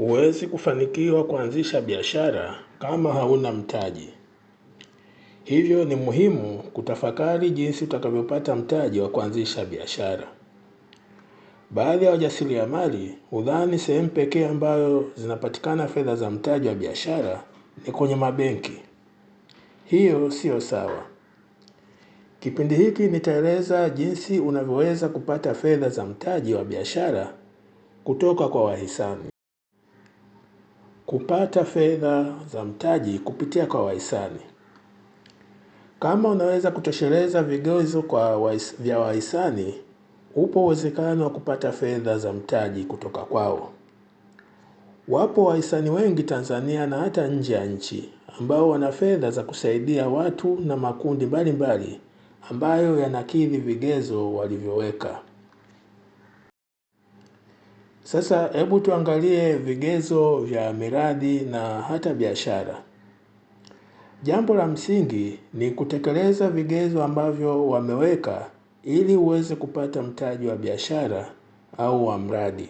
Huwezi kufanikiwa kuanzisha biashara kama hauna mtaji. Hivyo ni muhimu kutafakari jinsi utakavyopata mtaji wa kuanzisha biashara. Baadhi ya wajasiriamali hudhani sehemu pekee ambayo zinapatikana fedha za mtaji wa biashara ni kwenye mabenki. Hiyo siyo sawa. Kipindi hiki nitaeleza jinsi unavyoweza kupata fedha za mtaji wa biashara kutoka kwa wahisani. Kupata fedha za mtaji kupitia kwa wahisani. Kama unaweza kutosheleza vigezo kwa wais, vya wahisani, upo uwezekano wa kupata fedha za mtaji kutoka kwao. Wapo wahisani wengi Tanzania na hata nje ya nchi ambao wana fedha za kusaidia watu na makundi mbalimbali ambayo yanakidhi vigezo walivyoweka. Sasa hebu tuangalie vigezo vya miradi na hata biashara. Jambo la msingi ni kutekeleza vigezo ambavyo wameweka ili uweze kupata mtaji wa biashara au wa mradi.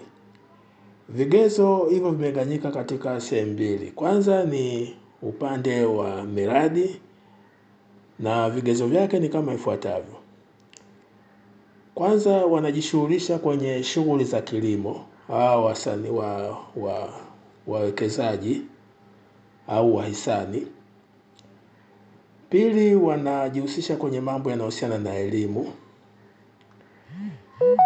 Vigezo hivyo vimeganyika katika sehemu mbili. Kwanza ni upande wa miradi na vigezo vyake ni kama ifuatavyo. Kwanza wanajishughulisha kwenye shughuli za kilimo hawa wasani wa, wa wawekezaji au wahisani. Pili, wanajihusisha kwenye mambo yanayohusiana na elimu.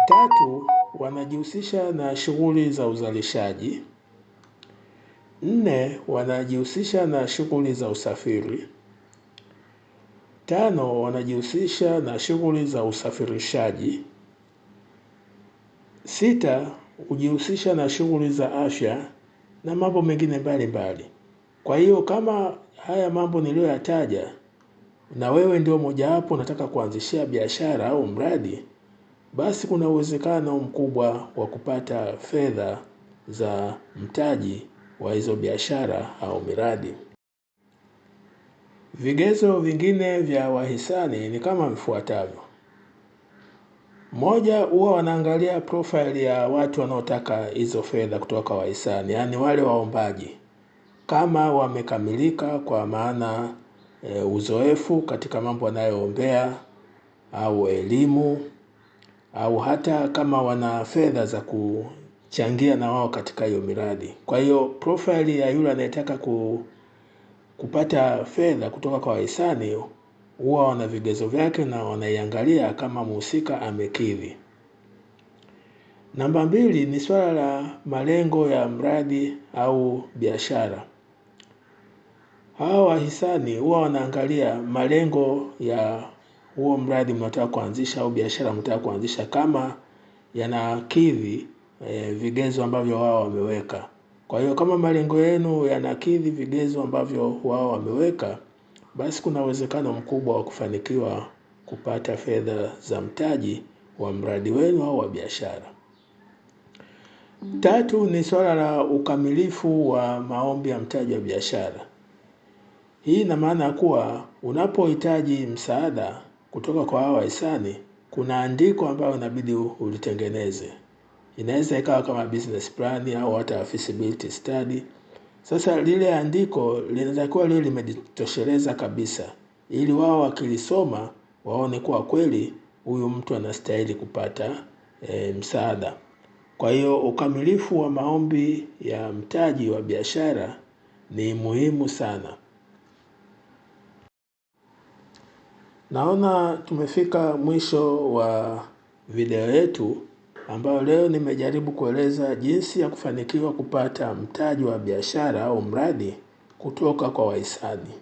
Tatu, wanajihusisha na shughuli za uzalishaji. Nne, wanajihusisha na shughuli za usafiri. Tano, wanajihusisha na shughuli za usafirishaji. Sita, kujihusisha na shughuli za afya na mambo mengine mbalimbali. Kwa hiyo kama haya mambo niliyoyataja na wewe ndio mojawapo unataka kuanzishia biashara au mradi, basi kuna uwezekano mkubwa wa kupata fedha za mtaji wa hizo biashara au miradi. Vigezo vingine vya wahisani ni kama vifuatavyo moja huwa wanaangalia profile ya watu wanaotaka hizo fedha kutoka kwa wahisani, yaani wale waombaji kama wamekamilika kwa maana e, uzoefu katika mambo wanayoombea au elimu au hata kama wana fedha za kuchangia na wao katika hiyo miradi. Kwa hiyo profile ya yule anayetaka ku, kupata fedha kutoka kwa wahisani huwa wana vigezo vyake na wanaiangalia kama mhusika amekidhi. Namba mbili ni swala la malengo ya mradi au biashara. Hawa wahisani huwa wanaangalia malengo ya huo mradi mnataka kuanzisha au biashara mnataka kuanzisha kama yanakidhi e, vigezo ambavyo wao wameweka. Kwa hiyo kama malengo yenu yanakidhi vigezo ambavyo wao wameweka, basi kuna uwezekano mkubwa wa kufanikiwa kupata fedha za mtaji wa mradi wenu au wa biashara. Mm-hmm. Tatu ni swala la ukamilifu wa maombi ya mtaji wa biashara. Hii ina maana kuwa unapohitaji msaada kutoka kwa hawa isani kuna andiko ambayo inabidi ulitengeneze. Inaweza ikawa kama business plan au hata feasibility study sasa lile andiko linatakiwa lile limejitosheleza kabisa, ili wao wakilisoma waone kuwa kweli huyu mtu anastahili kupata e, msaada. Kwa hiyo ukamilifu wa maombi ya mtaji wa biashara ni muhimu sana. Naona tumefika mwisho wa video yetu ambayo leo nimejaribu kueleza jinsi ya kufanikiwa kupata mtaji wa biashara au mradi kutoka kwa wahisani.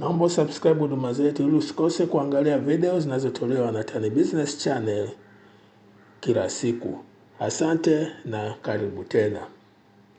Naomba subscribe huduma zetu ili usikose kuangalia video zinazotolewa na Tan Business Channel kila siku. Asante na karibu tena.